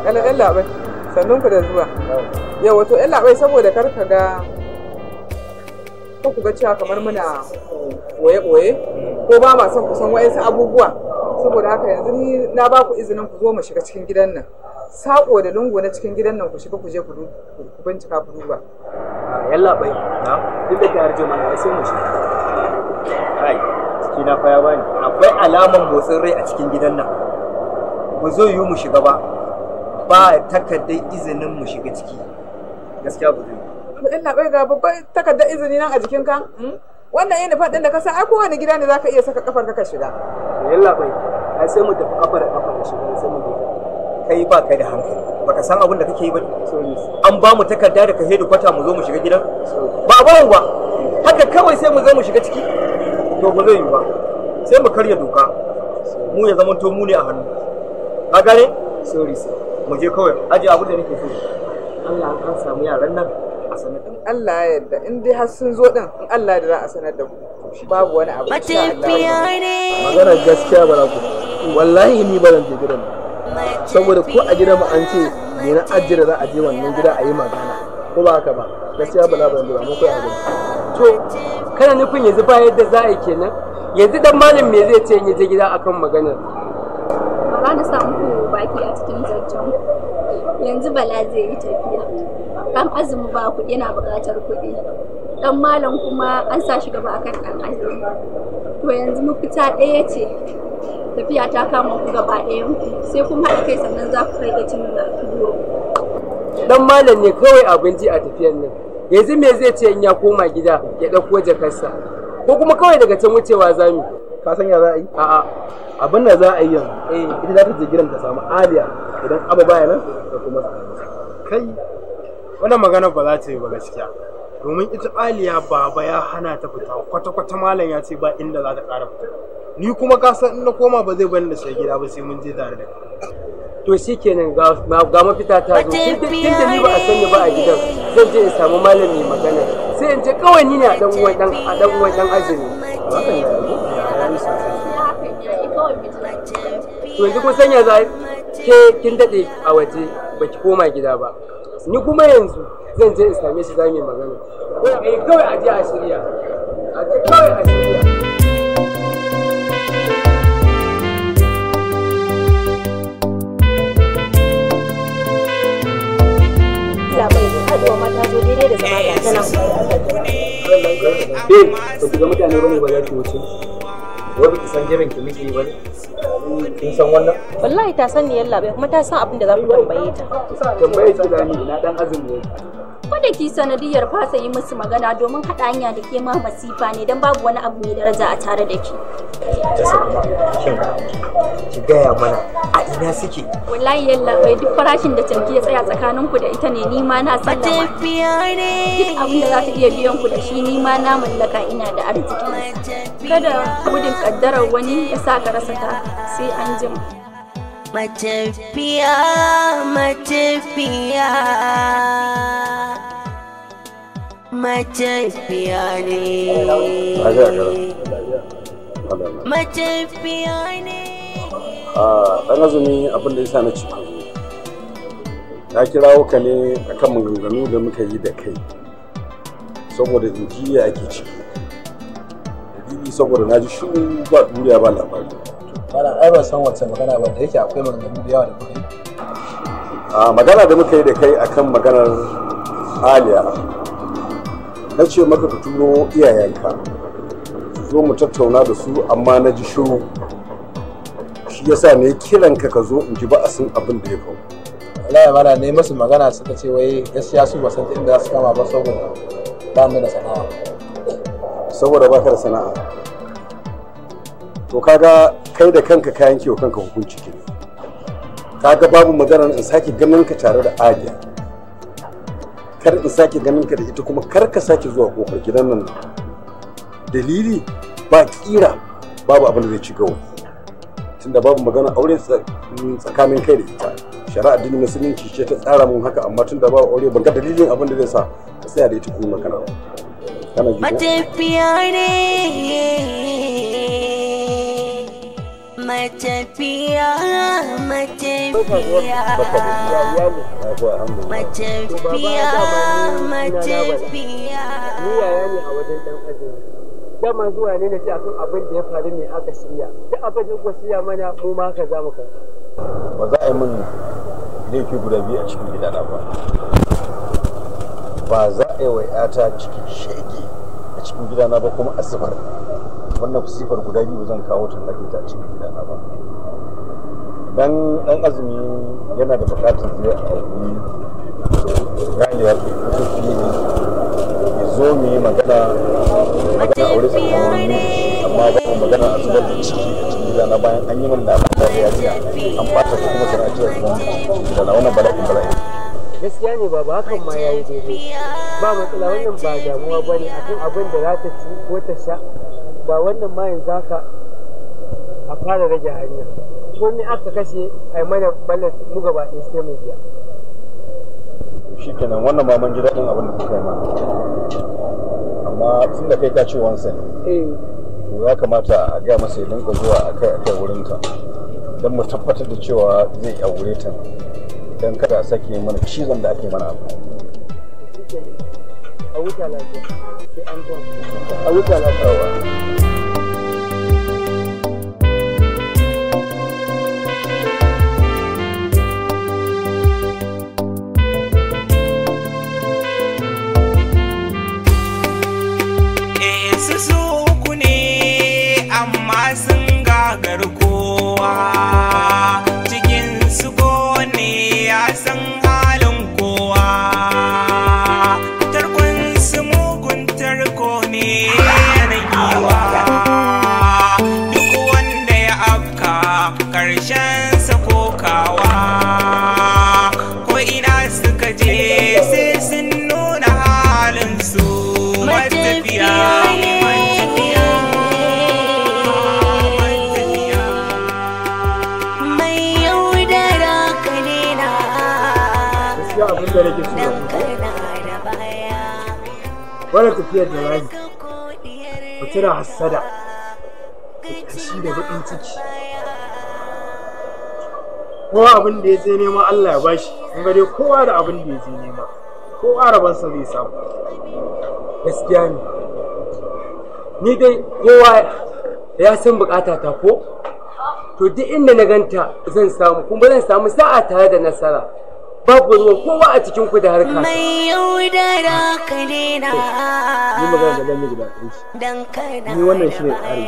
lafiya kalan yan labai sannun ku da zuwa yau wato yan labai saboda kar ka ga ku ga cewa kamar muna boye-boye ko ba ma son kusan su abubuwa saboda haka yanzu ni na ba ku izinin ku zo mu shiga cikin gidan nan sako da lungu na cikin gidan nan ku shiga ku je ku bincika ku duba ah, labai na duk da kayar jima na sai mu shiga kai ciki na fa ya bani akwai alaman motsin rai a cikin gidan nan ba zai yi mu shiga ba ba takardar izinin mu shiga ciki gaskiya ba zai na bai ga babban takardar izini nan a jikin ka hmm? wannan yana faɗin da ka sa ai kowane gida ne zaka iya saka kafar ka shiga yalla bai ai sai mu tafi kafar da kafar shiga sai mu kai ba kai da hankali baka san abin da kake yi ba an ba mu takarda da ka hedi kwata mu zo mu shiga gidan ba ba ba haka kawai sai mu zo mu shiga ciki to ba zai yi ba sai mu karya doka mu ya zama to mu ne a hannu ka gane sorry sir mu je kawai aje abu da nake so Allah an samu yaran nan a sanar in Allah ya yarda in dai har sun zo din in Allah da za a sanar da ku babu wani abu matafiya ne magana gaskiya ba ku wallahi ni ba zan je gidan saboda ko a gidan ba an ce me na ajira za a je wannan gida a yi magana ko ba haka ba gaskiya ba labarin ba a gidan to kana nufin yanzu ba yadda za a yi kenan yanzu dan malam me zai ce in je gida akan maganar Ba na sa muku baki a cikin zancen yanzu bala zai yi tafiya Dan azumi ba kuɗi yana buƙatar kuɗi Dan malam kuma an sa shi gaba akan ɗan azumi to yanzu mafita ɗaya ce tafiya ta kama ku gaba ɗayan ku sai kuma haɗa kai sannan za ku kai ga cin duro Dan malam ne kawai abin ji a tafiyan nan yanzu me zai ce in ya koma gida ya ɗauko jakarsa ko kuma kawai daga can wucewa zamu ka san ya za a yi a'a abin da za a yi yanzu eh ita za ta jigiran gidan ta samu aliya idan abu baya nan da kuma kai wannan magana ba za ta yi ba gaskiya domin ita aliya baba ya hana ta fita kwata-kwata malam ya ce ba inda za ta ƙara fita ni kuma ka san in na koma ba zai bani da shi gida ba sai mun je tare da to shi kenan ga mafita ta zo tun da ni ba a sani ba a gidan zan je in samu malami magana sai in ce kawai ni ne a dan uwan dan azumi to yanzu kun sanya za ke kin daɗe a waje ki koma gida ba ni kuma yanzu zan je in same shi za mu yi magana kawai a je a shirya a je kawai a shirya Eh, ba ku ga mutane ne ba za ki wuce. wai biki san jirin ki miki bane kin san wannan wallahi ta san ni yalla bai kuma ta san abin da za ku tambaye ta tambaye ki da ni na dan azumi ne da sanadiyar fasa yi musu magana domin haɗa hanya da ke ma masifa ne don babu wani abu mai daraja a tare da ki. Ki gaya mana a ina suke. Wallahi yalla bai duk farashin da tanki ya tsaya tsakanin ku da ita ne ni ma na san Duk abin da za ta iya biyan ku da shi ni ma na mallaka ina da arziki. Kada gudun kaddarar wani ya sa ka rasa ta sai an jima. matafiya matafiya matafiya ne matafiya ne ɗan azumi abin da ya sa na ci na kirawo ka ne akan maganganu da muka yi da kai saboda jijiya ake ciki dalili saboda na ji shiru ba duniya ba labari mana ai ban san wacce magana ba da yake akwai maganganu da yawa da kuka yi a magana da muka yi da kai akan maganar aliya na ce maka ka turo iyayenka zo mu tattauna da su amma na ji shiru shi yasa ne kiranka ka zo in ji ba a san abin da ya faru wallahi mana ne masu magana suka ce wai gaskiya su ba san inda su kama ba saboda ba mu da sana'a saboda ba ka da sana'a to kaga kai da kanka kayan wa kanka hukunci ke kaga babu maganar in sake ganin ka tare da agiya kar in sake ganin ka da ita kuma kar ka sake zuwa kofar gidan nan dalili ba kira babu abin da zai ci gawo tunda babu magana aure tsakanin kai da ita shari'a dinin musulunci ce ta tsara mun haka amma tunda babu aure ban ga dalilin abin da zai sa ka tsaya da ita kuma magana ba kana ji matafiya ne matafiya matafiya matafiya matafiya ne a dama zuwa ne na abin da ya faru ne aka shirya abin da shirya mana mu ma haka za mu karɓa ba za a yi min laifi guda biyu a cikin gidana ba ba za a yi wa 'yata cikin shege a cikin ba kuma wannan sifar guda biyu zan kawo ta ta cikin ba dan dan azumi yana da bukatar zai auri ganewar kusurki ne zo mu yi magana magana aure tsakanini amma ba mu magana a zubar da ciki a cikin na bayan an yi min labarin da ya jiya an bata ko kuma suna cewa kuma da na wani bala'i bala'i gaskiya ne ba ba hakan ma ya yi daidai ba matsala wannan ba damuwa ba ne akan abin da za ta ci ko ta sha ba wannan ma yanzu haka a fara rage hanya komai aka kashe a yi mana ballan mu gaba in sai mai biya shi kenan wannan ba man ji daɗin abin da kuka yi ma amma sun da kai ka ce wansa ne eh. ya kamata a gaya masa yi linka zuwa a akai wurin ta don mu tabbatar da cewa zai wuri ta don kada a sake mana cizon da ake mana abu a wuta lafiya sai an a wuta lafiya gaskiya abin da nake so wani tafiyar da rami ku tuna hassada da kashi da baƙin ciki kowa abin da ya je nema Allah ya bashi kun ga kowa da abin da ya je nema kowa rabansa zai samu gaskiya ne ni dai kowa ya san bukata ta ko to duk inda na ganta zan samu kuma zan samu sa'a tare da nasara babu ruwan kowa a cikin ku da harka mai yaudara ka dena ni magana da miji ba dan shi ni wannan shine tsari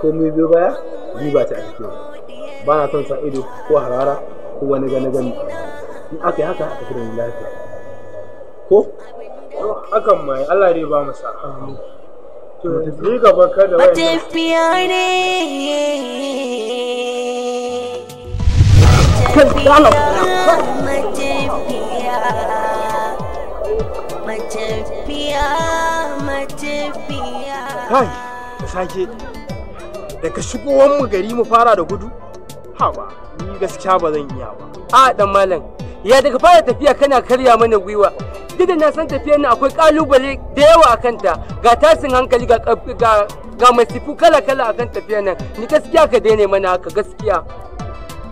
ko mai biyo baya ni ba ta aiki cikin ba na son sa ido ko harara ko wani gane gani in aka yi haka aka fi da lafiya ko hakan mai Allah ne ba mu sa ni gaba kada wani tafiya ne Kai, da sake, daga shigowar mu gari mu fara da gudu? Haba, ni gaskiya ba zan iya ba. A dan malam, ya daga fara tafiya kana karya mana gwiwa. dida da na san tafiyar nan akwai kalubale da yawa a kanta, ga tasin hankali ga ga masifu kala-kala akan tafiyar nan. Ni gaskiya ka daina mana haka gaskiya.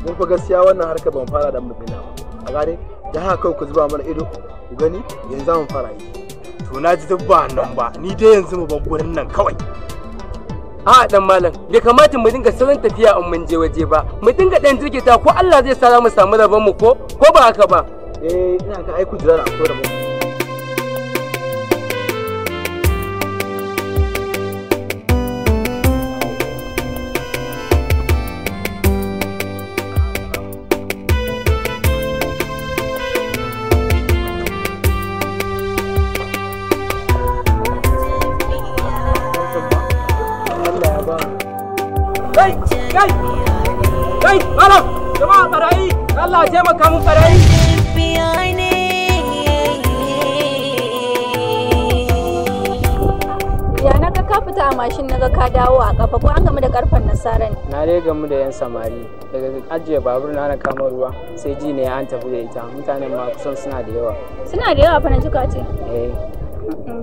mun fa gaskiya wannan harka ban fara da mu dina a gare da haka kawai ku zuba mana ido ku gani yanzu za mu fara yi to na ji duk ba nan ba ni dai yanzu mu bar gurin nan kawai a dan malam bai kamata mu dinga salon tafiya in mun je waje ba mu dinga dan ta ko Allah zai sa mu samu rabon mu ko ko ba haka ba eh ina ka aiku jira na ko da mu kai kai kai malam jama'a barayi Allah ya taimaka mu barayi ka fita a mashin naga ka dawo a kafa ko an gamu da karfan nasara ne na dai gamu da yan samari daga ajiye babur na na kama ruwa sai ji ne an tafi da ita mutanen ma kusan suna da yawa suna da yawa fa na jika ce eh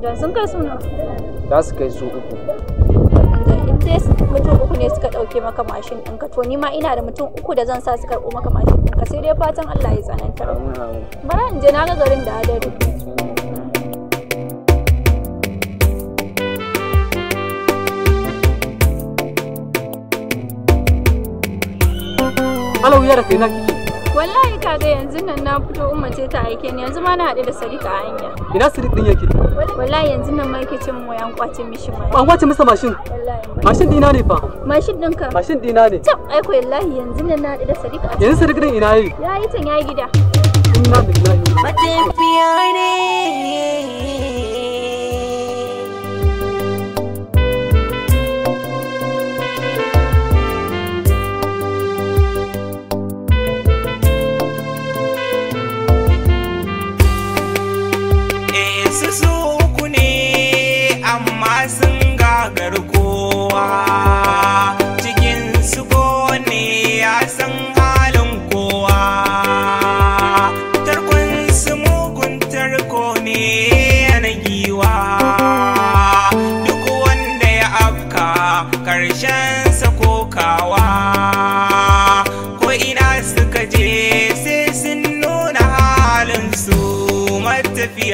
don sun kai suna za su kai su uku sai mutum uku ne suka ɗauke maka mashin ɗinka to ni ma ina da mutum uku da zan sa su karɓo maka mashin ɗinka sai dai fatan Allah ya tsananta bara in je na ga garin da adare Hello, are a kaga yanzu nan na fito umma ce ta aike ni yanzu ma na haɗu da sadika a hanya. Ina Sadiq din yake? Wallahi yanzu nan marke cin mu yan kwace mishi mai. An kwace masa mashin? Mashin dina ne fa? Mashin ɗinka? Mashin dina ne. Tab ai ko wallahi yanzu nan na haɗu da sadika a. Yanzu Sadiq din ina yi? ya yi tan yayi gida. Inna lillahi. Matafiya ne.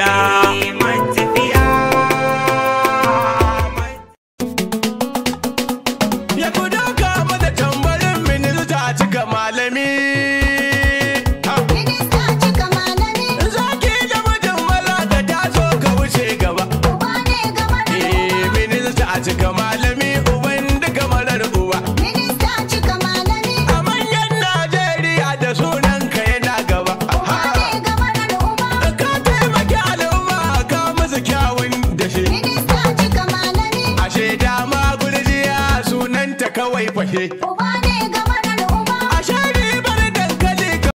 Manja. daidai. Uba ne gaba da uba. A sha ribar dankali ka.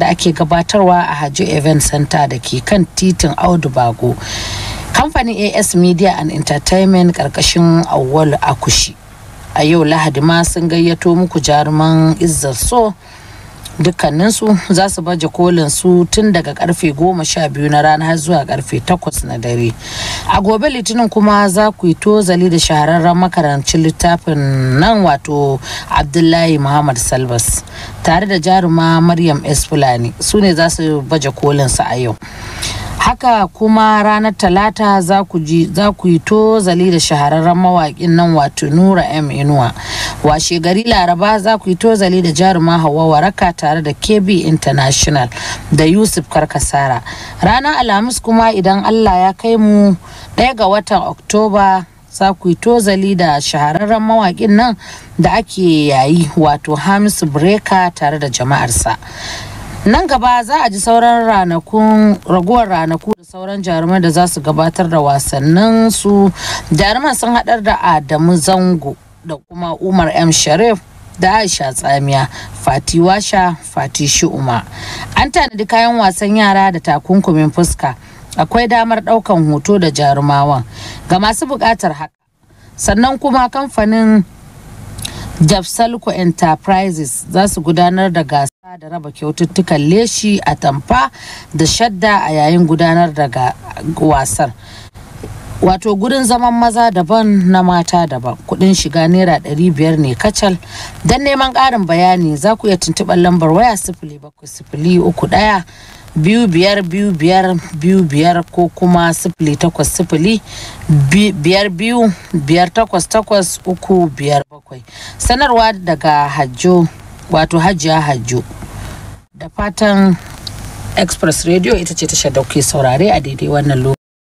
da ake gabatarwa a Hajo Event Center da ke kan titin Audu Bago. Kamfanin AS Media and Entertainment ƙarƙashin auwalu Akushi. a yau lahadi ma sun gayyato muku jaruman izzar so dukkaninsu za su baje kolin su tun daga karfe goma sha biyu na rana har zuwa karfe takwas na dare a gobe litinin kuma za ku yi tozali da shahararren makarancin littafin nan wato abdullahi muhammad salbas tare da jaruma maryam s fulani su ne za su baje kolin su a yau haka kuma ranar talata za ku yi to zali da shahararren mawaƙin nan wato nura m inuwa washe gari laraba za ku yi to zali da jaruma hawa waraka tare da kb international da yusuf karkasara ranar alhamis kuma idan allah ya kai mu ɗaya ga watan oktoba za ku yi tozali da shahararren mawaƙin nan da ake yayi wato hamisu breka tare da jama'arsa nan gaba za a ji sauran ranakun raguwar ranaku da sauran jaruman da za su gabatar da wasannin su jaruman sun haɗar da adamu zango da kuma umar m sharif da aisha tsamiya fati washa fati shi'uma an tanadi kayan wasan yara da takunkumin fuska akwai damar ɗaukan hoto da jarumawan ga masu buƙatar haka sannan kuma kamfanin Jabsalco Enterprises za su gudanar da gasa da raba kyaututtukan leshi a tamfa da shadda a yayin gudanar da wasar. wato gurin zaman maza daban na mata daban kudin shiga naira biyar ne kacal don neman ƙarin bayani za ku iya tuntuɓar lambar waya sifili bakwai sifili uku ɗaya biyu biyar biyu biyar biyu biyar ko kuma sifili takwas sifili biyar biyu biyar takwas takwas uku biyar bakwai sanarwa daga hajjo wato hajiya hajjo da fatan express radio ita ce tashar dauke saurare a daidai wannan lokaci